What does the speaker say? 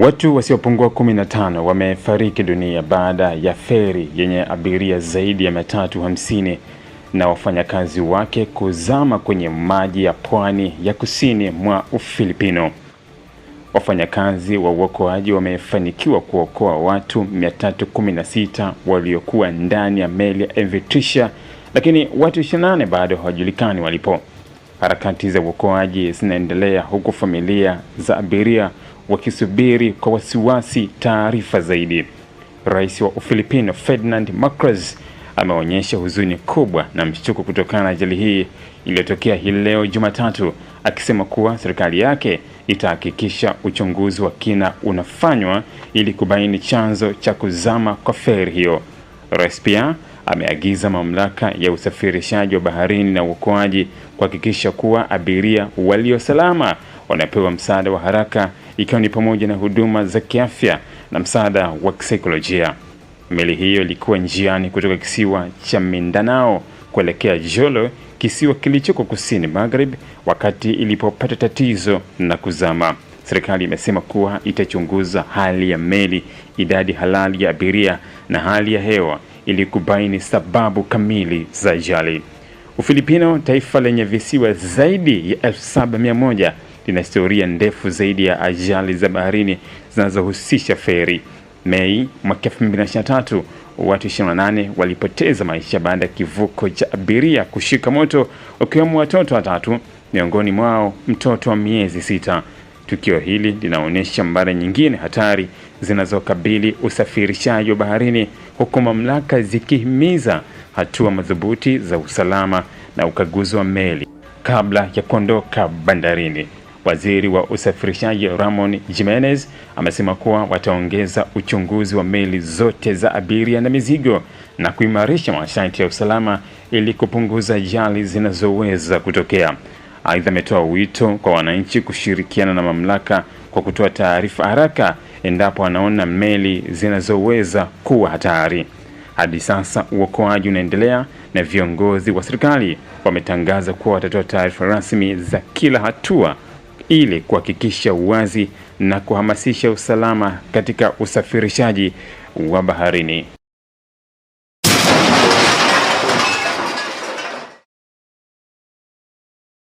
Watu wasiopungua 15 wamefariki dunia baada ya feri yenye abiria zaidi ya 350 na wafanyakazi wake kuzama kwenye maji ya pwani ya kusini mwa Ufilipino. Wafanyakazi wa uokoaji wamefanikiwa kuokoa watu 316 waliokuwa ndani ya meli ya MV lakini watu 28 bado hawajulikani walipo. Harakati za uokoaji zinaendelea huku familia za abiria wakisubiri kwa wasiwasi taarifa zaidi. Rais wa Ufilipino Ferdinand Marcos ameonyesha huzuni kubwa na mshtuko kutokana na ajali hii iliyotokea hii leo Jumatatu, akisema kuwa serikali yake itahakikisha uchunguzi wa kina unafanywa ili kubaini chanzo cha kuzama kwa feri hiyo. Rais pia ameagiza mamlaka ya usafirishaji wa baharini na uokoaji kuhakikisha kuwa abiria walio salama wanapewa msaada wa haraka ikiwa ni pamoja na huduma za kiafya na msaada wa kisaikolojia. Meli hiyo ilikuwa njiani kutoka kisiwa cha Mindanao kuelekea Jolo, kisiwa kilichoko kusini magharibi, wakati ilipopata tatizo na kuzama. Serikali imesema kuwa itachunguza hali ya meli, idadi halali ya abiria na hali ya hewa ili kubaini sababu kamili za ajali. Ufilipino, taifa lenye visiwa zaidi ya 7100 lina historia ndefu zaidi ya ajali za baharini zinazohusisha feri. Mei mwaka 2023 watu 28 walipoteza maisha baada ya kivuko cha abiria kushika moto, wakiwemo watoto watatu, miongoni mwao mtoto wa miezi sita. Tukio hili linaonyesha mara nyingine hatari zinazokabili usafirishaji wa baharini, huku mamlaka zikihimiza hatua madhubuti za usalama na ukaguzi wa meli kabla ya kuondoka bandarini. Waziri wa usafirishaji Ramon Jimenez amesema kuwa wataongeza uchunguzi wa meli zote za abiria na mizigo na kuimarisha masharti ya usalama ili kupunguza ajali zinazoweza kutokea. Aidha, ametoa wito kwa wananchi kushirikiana na mamlaka kwa kutoa taarifa haraka endapo wanaona meli zinazoweza kuwa hatari. Hadi sasa uokoaji unaendelea na viongozi wa serikali wametangaza kuwa watatoa taarifa rasmi za kila hatua ili kuhakikisha uwazi na kuhamasisha usalama katika usafirishaji wa baharini.